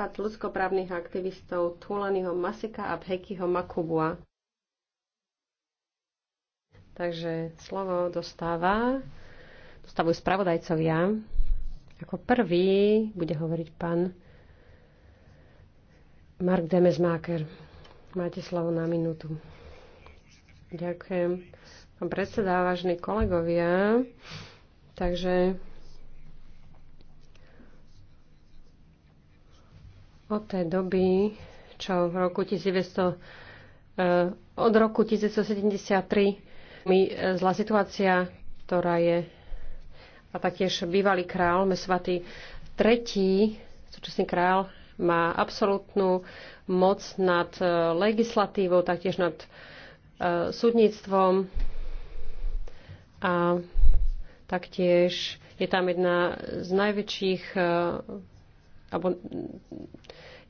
prípad ľudskoprávnych aktivistov Tulaniho Masika a Bhekiho Makubua. Takže slovo dostáva, dostávajú spravodajcovia. Ako prvý bude hovoriť pán Mark Demesmaker. Máte slovo na minútu. Ďakujem. Pán predseda, vážni kolegovia, takže Od tej doby, čo v roku 1900, eh, od roku 1973 mi eh, zlá situácia, ktorá je a taktiež bývalý král, svatý tretí, súčasný král, má absolútnu moc nad eh, legislatívou, taktiež nad súdnictvom a taktiež je tam jedna z najväčších alebo mm,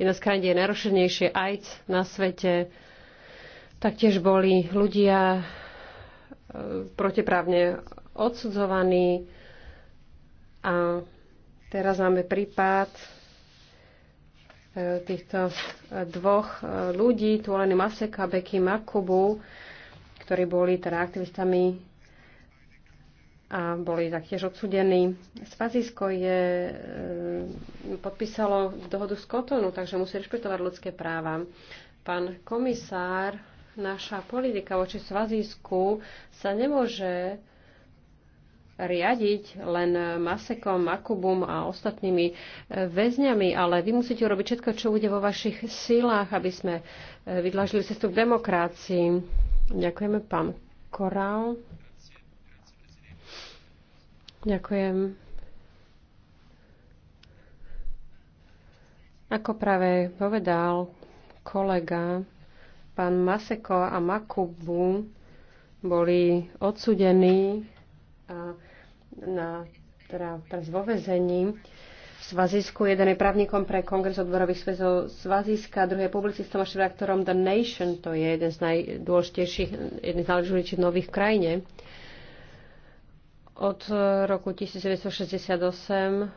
jedna z krajín, kde je najrozšírenejšie AIDS na svete. Taktiež boli ľudia e, protiprávne odsudzovaní a teraz máme prípad e, týchto e, dvoch ľudí, Tuoleny Maseka a Beky Makubu, ktorí boli teda aktivistami a boli taktiež odsudení. Svazisko je, e, podpísalo dohodu z Kotonu, takže musí rešpektovať ľudské práva. Pán komisár, naša politika voči Svazisku sa nemôže riadiť len Masekom, Makubum a ostatnými e, väzňami, ale vy musíte urobiť všetko, čo bude vo vašich silách, aby sme e, vydlažili cestu k demokracii. Ďakujeme, pán Korál. Ďakujem. Ako práve povedal kolega, pán Maseko a Makubu boli odsudení a na, teda vo vezení. Svazisku. Jeden je právnikom pre Kongres odborových svezov Svaziska, druhý je publicistom a šredaktorom The Nation. To je jeden z najdôležitejších, jeden z najdôležitejších nových krajine. Od e, roku 1968 e,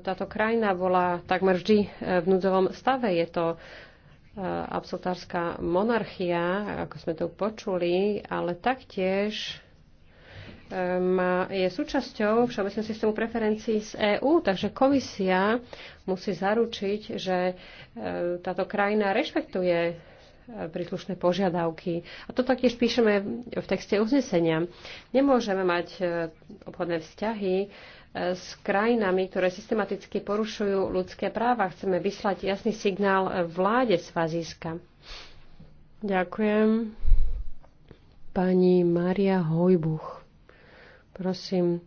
táto krajina bola takmer vždy e, v núdzovom stave. Je to absolutárska monarchia, ako sme to počuli, ale taktiež je súčasťou všeobecného systému preferencií z EÚ, takže komisia musí zaručiť, že táto krajina rešpektuje príslušné požiadavky. A to taktiež píšeme v texte uznesenia. Nemôžeme mať e, obchodné vzťahy e, s krajinami, ktoré systematicky porušujú ľudské práva. Chceme vyslať jasný signál vláde Svazíska. Ďakujem. Pani Maria Hojbuch. Prosím.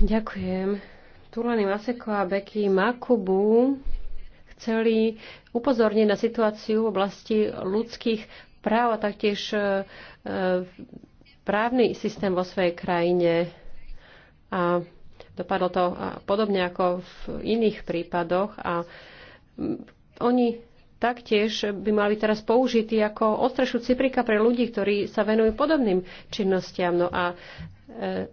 Ďakujem. Tulany Maseko a Beky Makubu chceli upozorniť na situáciu v oblasti ľudských práv a taktiež e, e, právny systém vo svojej krajine. A dopadlo to podobne ako v iných prípadoch a mm, oni taktiež by mali teraz použití ako ostrešu ciprika pre ľudí, ktorí sa venujú podobným činnostiam. No a e,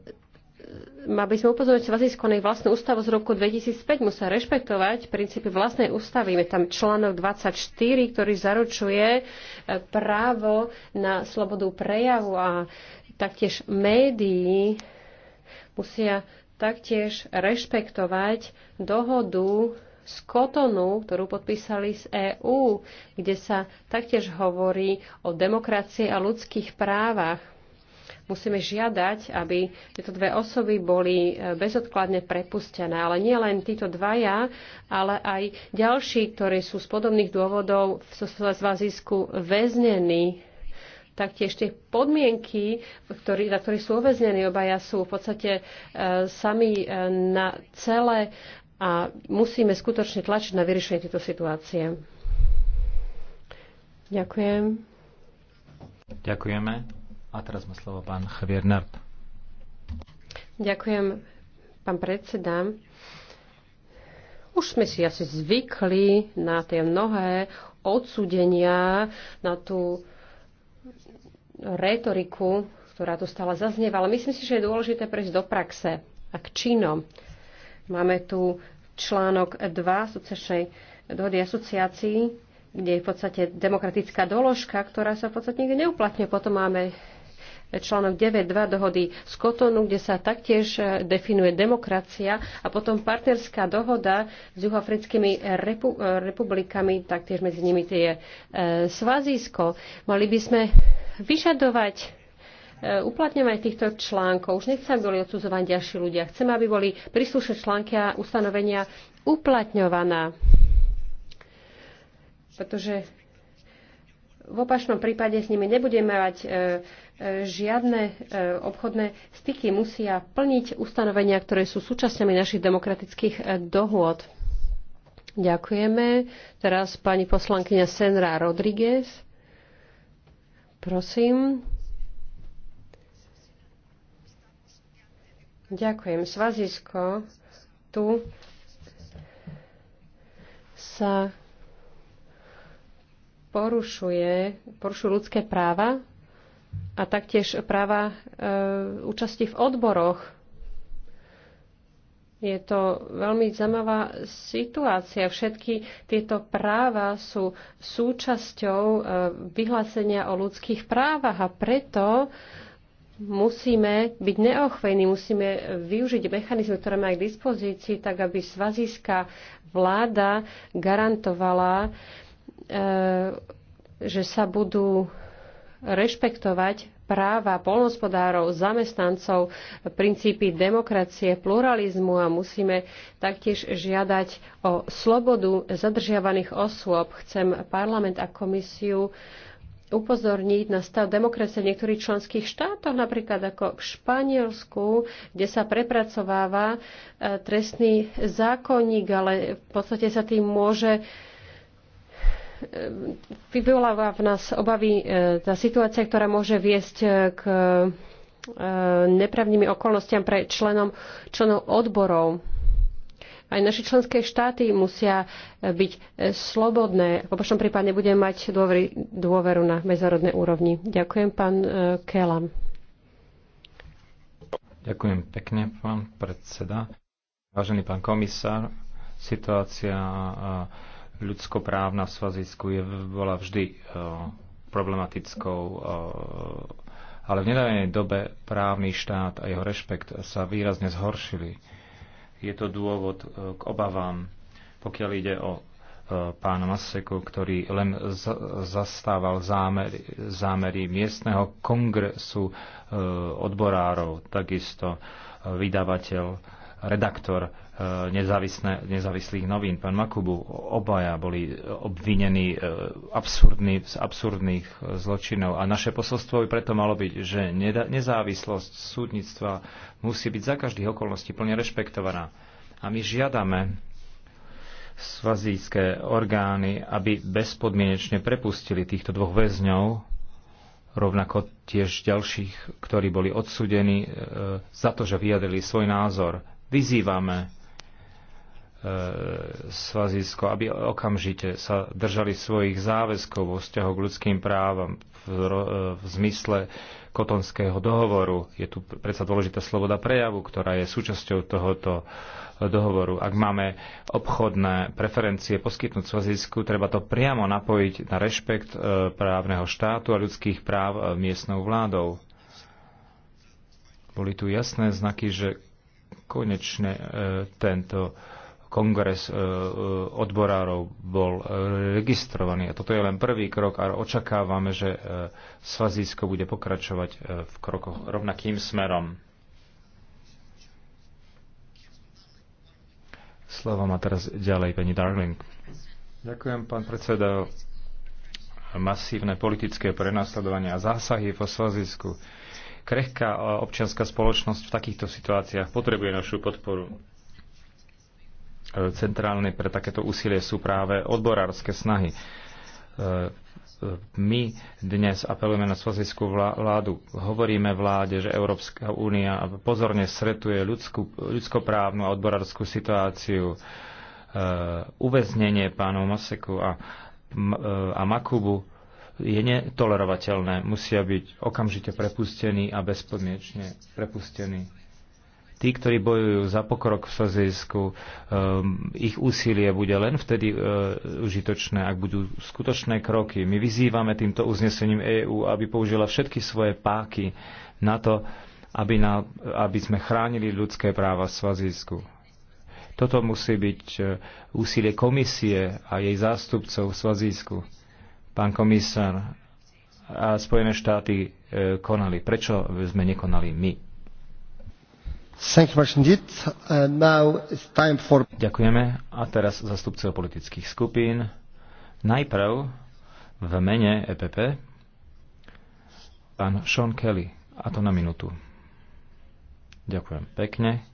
by sme upozorniť Svazisko na ich vlastnú ústavu z roku 2005. Musia rešpektovať princípy vlastnej ústavy. Je tam článok 24, ktorý zaručuje e, právo na slobodu prejavu a taktiež médií musia taktiež rešpektovať dohodu z Kotonu, ktorú podpísali z EÚ, kde sa taktiež hovorí o demokracii a ľudských právach musíme žiadať, aby tieto dve osoby boli e, bezodkladne prepustené. Ale nie len títo dvaja, ale aj ďalší, ktorí sú z podobných dôvodov v zvazisku väznení taktiež tie podmienky, ktorý, na ktorých sú uväznení obaja, sú v podstate e, sami e, na celé a musíme skutočne tlačiť na vyriešenie tejto situácie. Ďakujem. Ďakujeme. A teraz má slovo pán Javier Nart. Ďakujem, pán predseda. Už sme si asi zvykli na tie mnohé odsúdenia, na tú retoriku, ktorá tu stále zaznieva, ale myslím si, že je dôležité prejsť do praxe a k činom. Máme tu článok 2 súcešnej dohody asociácií, kde je v podstate demokratická doložka, ktorá sa v podstate nikdy neuplatňuje. Potom máme článok 9.2 dohody z Kotonu, kde sa taktiež e, definuje demokracia a potom partnerská dohoda s juhoafrickými repu- e, republikami, taktiež medzi nimi tie e, Svazísko. Mali by sme vyžadovať uplatňovanie týchto článkov. Už nechcem, aby boli odsudzovaní ďalší ľudia. Chcem, aby boli príslušné články a ustanovenia uplatňovaná. Pretože v opačnom prípade s nimi nebudeme mať e, e, žiadne e, obchodné styky. Musia plniť ustanovenia, ktoré sú súčasťami našich demokratických dohôd. Ďakujeme. Teraz pani poslankyňa Senra Rodriguez. Prosím. Ďakujem. Svazisko, tu sa porušuje, porušuje ľudské práva a taktiež práva e, účasti v odboroch. Je to veľmi zaujímavá situácia. Všetky tieto práva sú súčasťou e, vyhlásenia o ľudských právach a preto musíme byť neochvejní, musíme využiť mechanizmy, ktoré má k dispozícii, tak aby svazíska vláda garantovala e, E, že sa budú rešpektovať práva polnospodárov, zamestnancov, princípy demokracie, pluralizmu a musíme taktiež žiadať o slobodu zadržiavaných osôb. Chcem parlament a komisiu upozorniť na stav demokracie v niektorých členských štátoch, napríklad ako v Španielsku, kde sa prepracováva e, trestný zákonník, ale v podstate sa tým môže vyvoláva v nás obavy e, tá situácia, ktorá môže viesť e, k e, nepravnými okolnostiam pre členom, členov odborov. Aj naše členské štáty musia byť slobodné. V opačnom prípade nebudem mať dôvery, dôveru na medzinárodnej úrovni. Ďakujem, pán Kelam. Ďakujem pekne, pán predseda. Vážený pán komisár, situácia ľudskoprávna v Svazisku je, bola vždy uh, problematickou, uh, ale v nedávnej dobe právny štát a jeho rešpekt sa výrazne zhoršili. Je to dôvod uh, k obavám, pokiaľ ide o pána Maseku, ktorý len zastával zámery, zámery miestneho kongresu odborárov, takisto vydavateľ redaktor e, nezávislých novín, pán Makubu. Obaja boli obvinení e, absurdný, z absurdných e, zločinov. A naše posolstvo by preto malo byť, že nezávislosť súdnictva musí byť za každých okolností plne rešpektovaná. A my žiadame svazijské orgány, aby bezpodmienečne prepustili týchto dvoch väzňov, rovnako tiež ďalších, ktorí boli odsudení za to, že vyjadrili svoj názor Vyzývame e, Svazisko, aby okamžite sa držali svojich záväzkov vo vzťahu k ľudským právam v, e, v zmysle kotonského dohovoru. Je tu predsa dôležitá sloboda prejavu, ktorá je súčasťou tohoto e, dohovoru. Ak máme obchodné preferencie poskytnúť Svazisku, treba to priamo napojiť na rešpekt právneho štátu a ľudských práv miestnou vládou. Boli tu jasné znaky, že konečne e, tento kongres e, e, odborárov bol registrovaný. A toto je len prvý krok a očakávame, že Svazísko bude pokračovať v krokoch rovnakým smerom. Slovo má teraz ďalej pani Darling. Ďakujem, pán predseda. Masívne politické prenasledovania a zásahy vo Svazísku krehká občianská spoločnosť v takýchto situáciách potrebuje našu podporu. E, centrálne pre takéto úsilie sú práve odborárske snahy. E, e, my dnes apelujeme na svazijskú vládu. Hovoríme vláde, že Európska únia pozorne sretuje ľudskú, ľudskoprávnu a odborárskú situáciu, uväznenie pánov Maseku a, a Makubu, je netolerovateľné. Musia byť okamžite prepustení a bezpodmienečne prepustení. Tí, ktorí bojujú za pokrok v Sazijsku, um, ich úsilie bude len vtedy uh, užitočné, ak budú skutočné kroky. My vyzývame týmto uznesením EÚ, aby použila všetky svoje páky na to, aby, na, aby sme chránili ľudské práva v Svazísku. Toto musí byť uh, úsilie komisie a jej zástupcov v Svazísku Pán komisár, a Spojené štáty e, konali. Prečo sme nekonali my? Uh, Ďakujeme. A teraz zastupcov politických skupín. Najprv v mene EPP pán Sean Kelly. A to na minútu. Ďakujem pekne.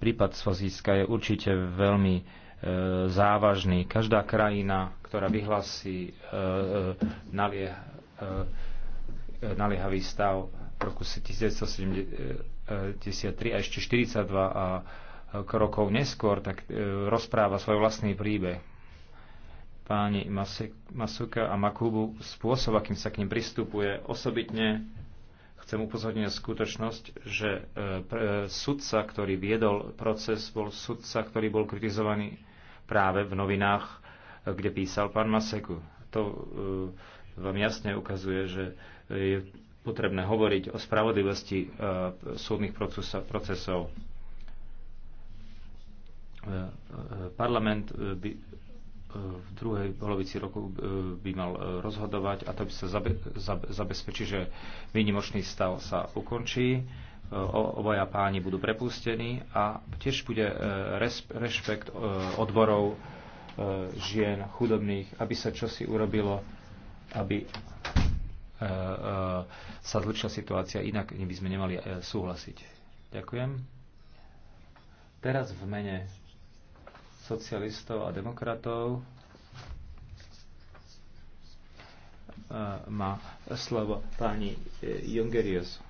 Prípad Svozíska je určite veľmi E, závažný. Každá krajina, ktorá vyhlasí e, e, naliehavý stav v roku 1973 a ešte 42 a krokov neskôr, tak rozpráva svoj vlastný príbeh. Páni Masuka a Makubu, spôsob, akým sa k ním pristupuje, osobitne chcem upozorniť na skutočnosť, že sudca, ktorý viedol proces, bol sudca, ktorý bol kritizovaný práve v novinách, eh, kde písal pán Maseku. To eh, vám jasne ukazuje, že je potrebné hovoriť o spravodlivosti eh, súdnych procesov. Parlament by v druhej polovici roku by mal rozhodovať a to by sa zabezpečí, že výnimočný stav sa ukončí. E, obaja páni budú prepustení a tiež bude e, rešpekt e, odborov žien chudobných, aby sa čosi urobilo, aby sa zlučila situácia, inak by sme nemali súhlasiť. Ďakujem. Teraz v mene socialistov a demokratov má slovo pani Jungerius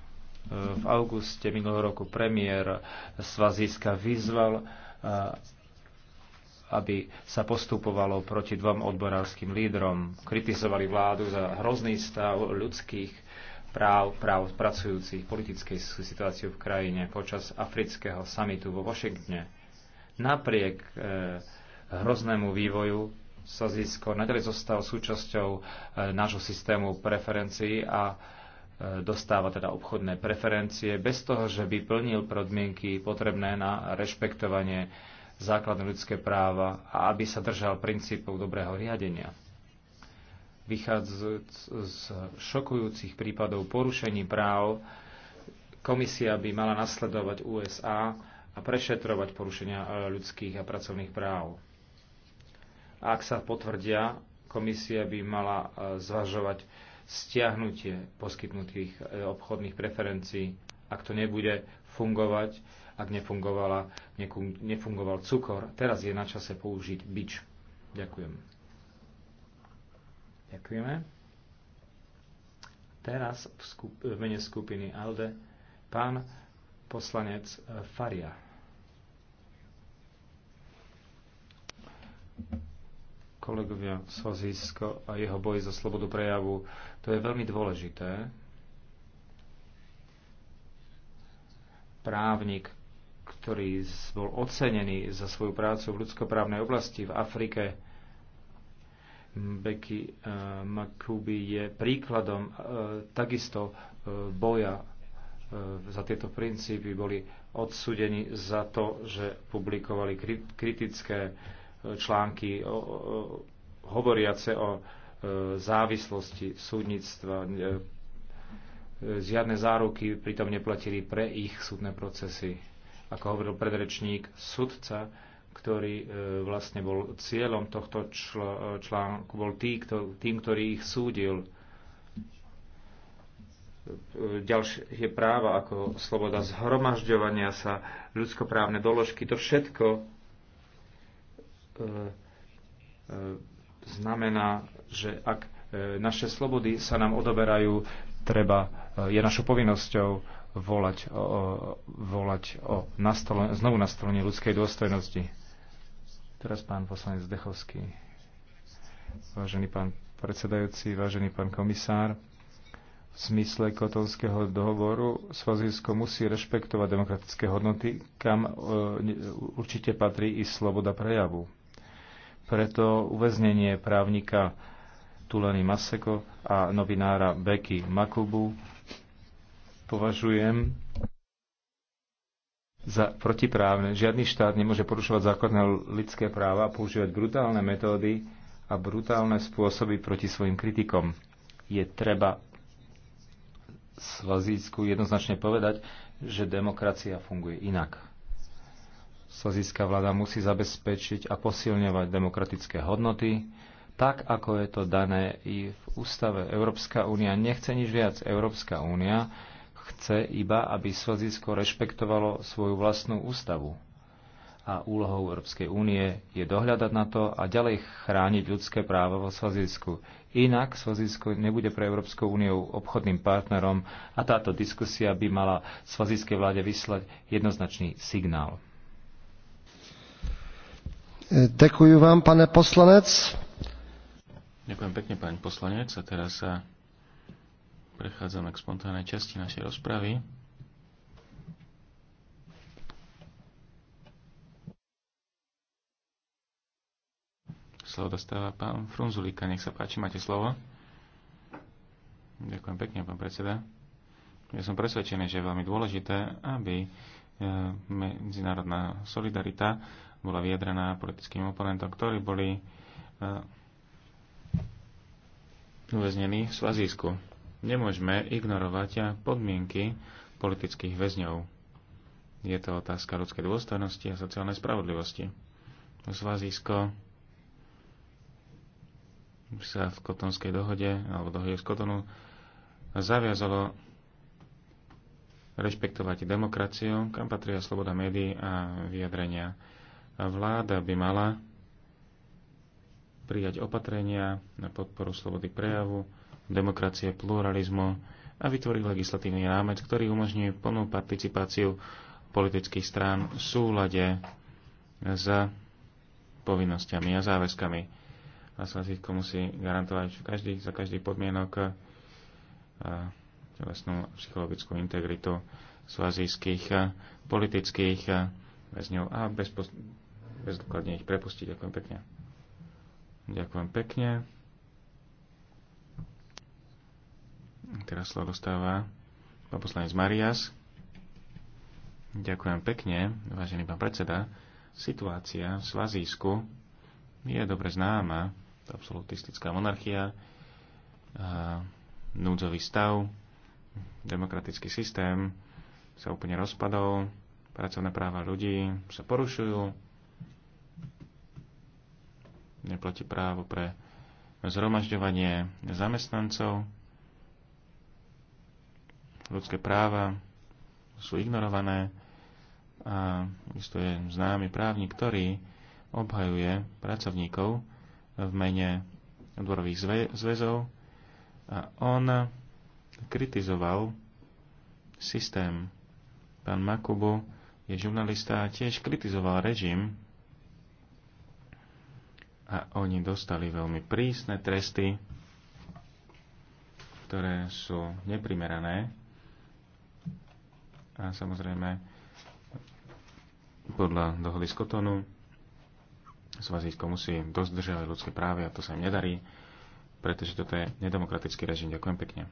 v auguste minulého roku premiér Svaziska vyzval, aby sa postupovalo proti dvom odborárským lídrom. Kritizovali vládu za hrozný stav ľudských práv, práv pracujúcich, politickej situáciu v krajine počas afrického samitu vo Washingtone. Napriek e, hroznému vývoju Sazisko nadalej zostal súčasťou e, nášho systému preferencií a dostáva teda obchodné preferencie bez toho, že by plnil podmienky potrebné na rešpektovanie základné ľudské práva a aby sa držal princípov dobrého riadenia. Vychádzajúc z šokujúcich prípadov porušení práv, komisia by mala nasledovať USA a prešetrovať porušenia e, ľudských a pracovných práv. Ak sa potvrdia, komisia by mala e, zvažovať stiahnutie poskytnutých e, obchodných preferencií, ak to nebude fungovať, ak nefungovala, nefungoval cukor. Teraz je na čase použiť bič. Ďakujem. Ďakujeme. Teraz v, skup- v mene skupiny ALDE pán poslanec e, Faria. kolegovia Sozisko a jeho boj za slobodu prejavu to je veľmi dôležité. Právnik, ktorý bol ocenený za svoju prácu v ľudskoprávnej oblasti v Afrike, Becky eh, Makubi je príkladom eh, takisto eh, boja za tieto princípy. Boli odsudení za to, že publikovali kritické články hovoriace o E, závislosti súdnictva. E, e, žiadne záruky pritom neplatili pre ich súdne procesy. Ako hovoril predrečník, sudca, ktorý vlastne bol cieľom tohto čl- článku, bol tý, kto, tým, ktorý ich súdil. Ďalšie práva ako sloboda zhromažďovania sa, ľudskoprávne doložky, to všetko znamená že ak e, naše slobody sa nám odoberajú, treba, e, je našou povinnosťou volať o, volať o nastolo, znovu nastolenie ľudskej dôstojnosti. Teraz pán poslanec Dechovský. Vážený pán predsedajúci, vážený pán komisár, v zmysle kotonského dohovoru Svazilsko musí rešpektovať demokratické hodnoty, kam e, určite patrí i sloboda prejavu. Preto uväznenie právnika Tulani Maseko a novinára Becky Makubu považujem za protiprávne. Žiadny štát nemôže porušovať základné lidské práva a používať brutálne metódy a brutálne spôsoby proti svojim kritikom. Je treba Svazísku jednoznačne povedať, že demokracia funguje inak. Slazícká vláda musí zabezpečiť a posilňovať demokratické hodnoty, tak, ako je to dané i v ústave. Európska únia nechce nič viac. Európska únia chce iba, aby Slzisko rešpektovalo svoju vlastnú ústavu. A úlohou Európskej únie je dohľadať na to a ďalej chrániť ľudské práva vo Slzisku. Inak Slzisko nebude pre Európskou úniou obchodným partnerom a táto diskusia by mala sloziskej vláde vyslať jednoznačný signál. Ďakujem vám, pane poslanec. Ďakujem pekne, pán poslanec. A teraz sa prechádzame k spontánnej časti našej rozpravy. Slovo dostáva pán Frunzulíka. Nech sa páči, máte slovo. Ďakujem pekne, pán predseda. Ja som presvedčený, že je veľmi dôležité, aby e, medzinárodná solidarita bola vyjadrená politickým oponentom, ktorí boli e, uväznení v Svazísku. Nemôžeme ignorovať podmienky politických väzňov. Je to otázka ľudskej dôstojnosti a sociálnej spravodlivosti. Svazísko sa v kotonskej dohode alebo dohode z Kotonu zaviazalo rešpektovať demokraciu, kam patria sloboda médií a vyjadrenia. Vláda by mala prijať opatrenia na podporu slobody prejavu, demokracie, pluralizmu a vytvoriť legislatívny rámec, ktorý umožňuje plnú participáciu politických strán v súlade s povinnosťami a záväzkami. A to musí garantovať každý, za každý podmienok telesnú psychologickú integritu svazijských politických väzňov a bez bezdôkladne ich prepustiť. Ďakujem pekne. Ďakujem pekne. Teraz slovo dostáva pán poslanec Marias. Ďakujem pekne, vážený pán predseda. Situácia v Svazísku je dobre známa. Absolutistická monarchia, núdzový stav, demokratický systém sa úplne rozpadol, pracovné práva ľudí sa porušujú, neplatí právo pre zhromažďovanie zamestnancov, ľudské práva sú ignorované a isto je známy právnik, ktorý obhajuje pracovníkov v mene odborových zväzov a on kritizoval systém. Pán Makubu je žurnalista a tiež kritizoval režim a oni dostali veľmi prísne tresty, ktoré sú neprimerané a samozrejme podľa dohody z Kotonu Svazísko musí držať ľudské práve a to sa im nedarí, pretože toto je nedemokratický režim. Ďakujem pekne.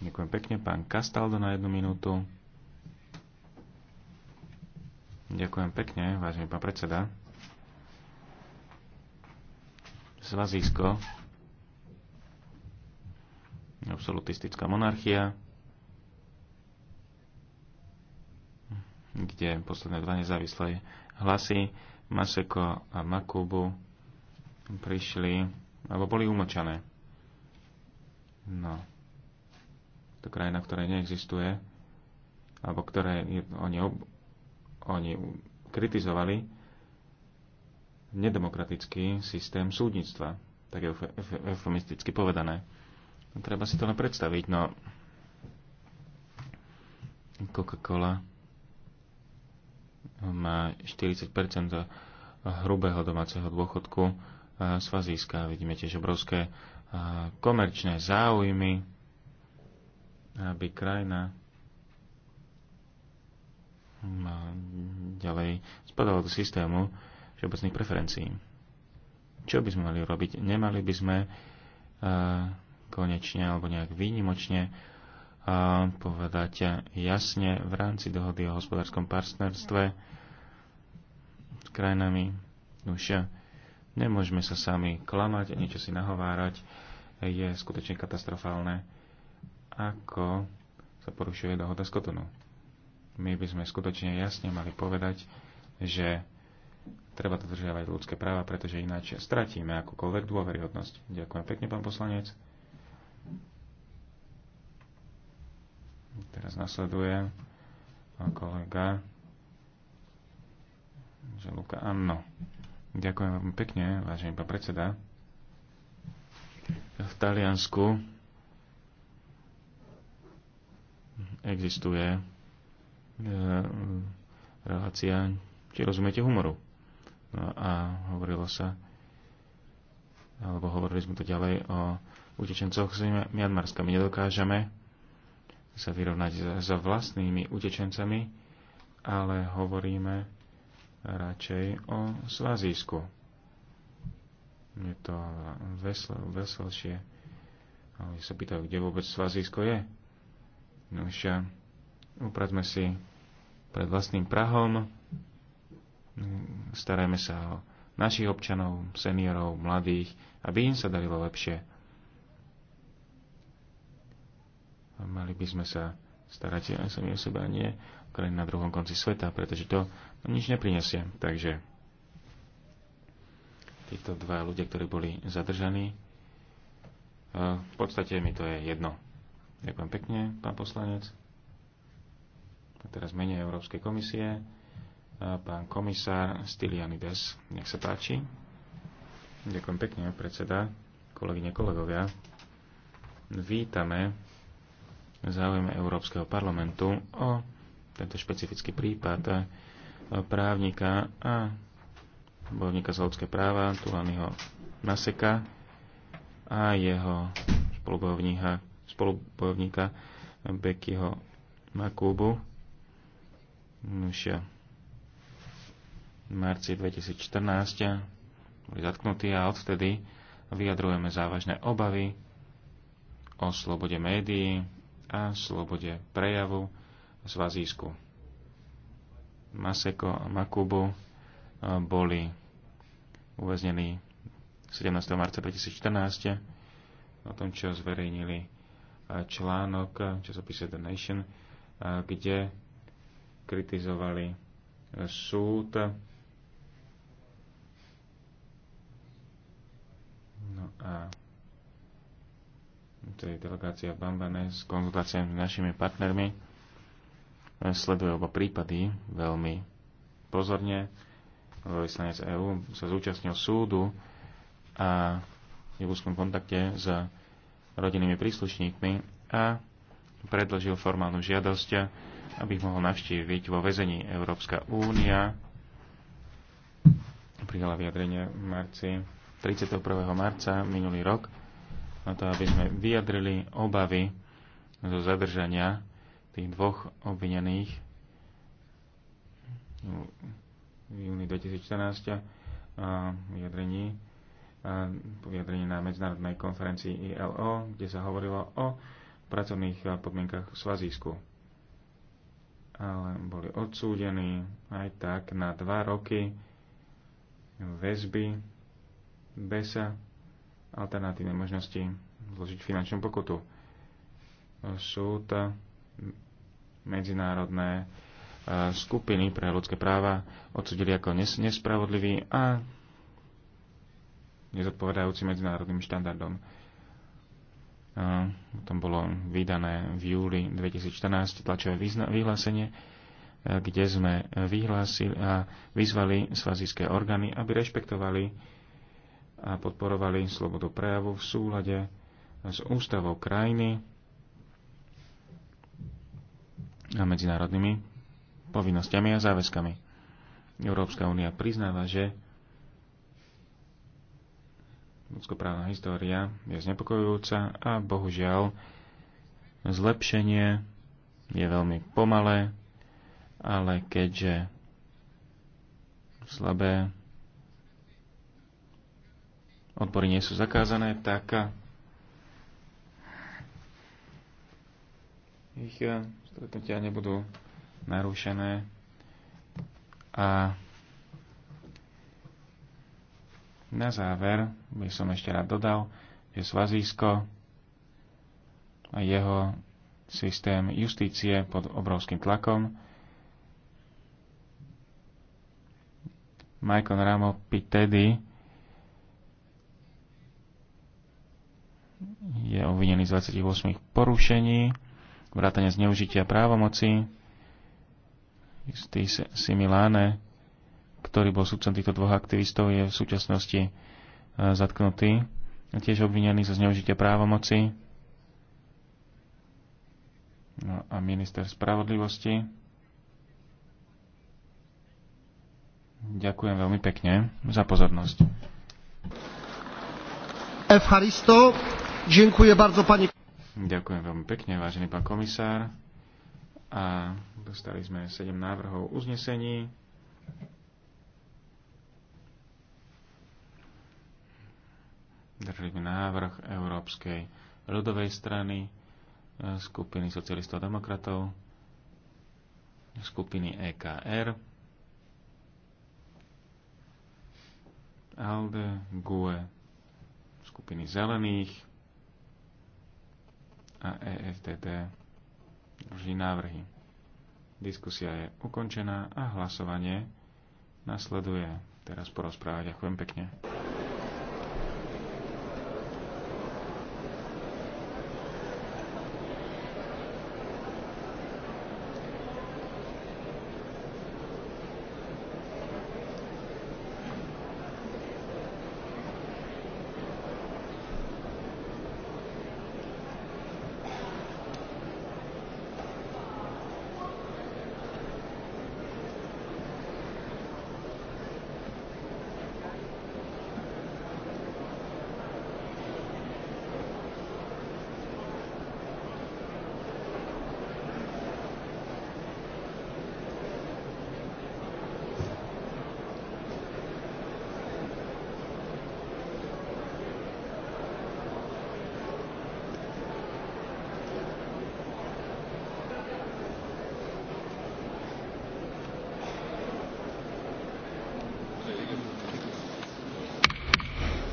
Ďakujem pekne. Pán Kastaldo na jednu minútu. Ďakujem pekne, vážený pán predseda. Svazisko absolutistická monarchia, kde posledné dva nezávislé hlasy Maseko a Makubu prišli, alebo boli umočané. No. To krajina, ktorá neexistuje, alebo ktoré oni, ob, oni kritizovali, nedemokratický systém súdnictva, tak je eufemisticky povedané. Treba si to len predstaviť, no Coca-Cola má 40% hrubého domáceho dôchodku z Fazíska. Vidíme tiež obrovské komerčné záujmy, aby krajina ďalej spadala do systému, všeobecných preferencií. Čo by sme mali robiť? Nemali by sme uh, konečne alebo nejak výnimočne uh, povedať jasne v rámci dohody o hospodárskom partnerstve s krajinami. Už eh, nemôžeme sa sami klamať a niečo si nahovárať. Je skutočne katastrofálne, ako sa porušuje dohoda s Kotonu. My by sme skutočne jasne mali povedať, že Treba dodržiavať ľudské práva, pretože ináč stratíme akúkoľvek dôveryhodnosť. Ďakujem pekne, pán poslanec. Teraz nasleduje kolega Želuka Anno. Ďakujem veľmi pekne, vážený pán predseda. V Taliansku existuje e, relácia, či rozumiete humoru. No a hovorilo sa, alebo hovorili sme to ďalej o utečencoch z Mianmarska. My nedokážeme sa vyrovnať so vlastnými utečencami, ale hovoríme radšej o Svazísku. Je to vesel, veselšie. Ale sa pýtajú, kde vôbec Svazísko je. No už upraťme si pred vlastným Prahom, starajme sa o našich občanov, seniorov, mladých, aby im sa darilo lepšie. Mali by sme sa starať aj sami o seba, nie len na druhom konci sveta, pretože to nič neprinesie. Takže títo dva ľudia, ktorí boli zadržaní, e, v podstate mi to je jedno. Ďakujem pekne, pán poslanec. A teraz menej Európskej komisie pán komisár Stylianides. Nech sa páči. Ďakujem pekne, predseda, kolegyne, kolegovia. Vítame záujem Európskeho parlamentu o tento špecifický prípad právnika a bojovníka za ľudské práva Tulaniho Naseka a jeho spolubojovníka, spolubojovníka Bekyho Makubu. Nušia v marci 2014 boli zatknutí a odvtedy vyjadrujeme závažné obavy o slobode médií a slobode prejavu z Vazísku. Maseko a Makubu e, boli uväznení 17. marca 2014 o tom, čo zverejnili e, článok e, časopise The Nation, kde kritizovali súd No a to je delegácia Bambane s konzultáciami s našimi partnermi. Sleduje oba prípady veľmi pozorne. Vyslanec EÚ sa zúčastnil súdu a je v úzkom kontakte s rodinnými príslušníkmi a predložil formálnu žiadosť, aby ich mohol navštíviť vo väzení Európska únia. Prihala vyjadrenie v marci 31. marca minulý rok na to, aby sme vyjadrili obavy zo zadržania tých dvoch obvinených v júni 2014 vyjadrení, vyjadrení na medzinárodnej konferencii ILO, kde sa hovorilo o pracovných podmienkach v Svazísku. Ale boli odsúdení aj tak na dva roky väzby bez alternatívnej možnosti zložiť finančnú pokutu. Súd medzinárodné e, skupiny pre ľudské práva odsudili ako nes- nespravodlivý a nezodpovedajúci medzinárodným štandardom. A e, tom bolo vydané v júli 2014 tlačové vyhlásenie, e, kde sme vyhlásili a vyzvali svazijské orgány, aby rešpektovali a podporovali slobodu prejavu v súlade s ústavou krajiny a medzinárodnými povinnosťami a záväzkami. Európska únia priznáva, že ľudskoprávna história je znepokojujúca a bohužiaľ zlepšenie je veľmi pomalé, ale keďže slabé odbory nie sú zakázané, tak eh, ich eh, stretnutia nebudú narušené a na záver by som ešte rád dodal, že Svazísko a jeho systém justície pod obrovským tlakom Michael Ramo Pitedy je obvinený z 28 porušení, vrátane zneužitia právomoci. Istý Similáne, ktorý bol sudcom týchto dvoch aktivistov, je v súčasnosti e, zatknutý. a tiež obvinený zo zneužitia právomoci. No a minister spravodlivosti. Ďakujem veľmi pekne za pozornosť. Evharisto. Ďakujem bardzo pani. Ďakujem veľmi pekne, vážený pán komisár. A dostali sme 7 návrhov uznesení. sme návrh Európskej ľudovej strany, e, skupiny socialistov a demokratov, skupiny EKR, ALDE, GUE, skupiny zelených, a EFDD drží návrhy. Diskusia je ukončená a hlasovanie nasleduje. Teraz po rozpráve ďakujem pekne.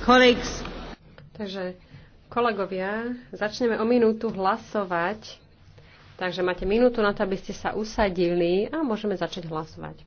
Colleagues. Takže, kolegovia, začneme o minútu hlasovať. Takže máte minútu na to, aby ste sa usadili a môžeme začať hlasovať.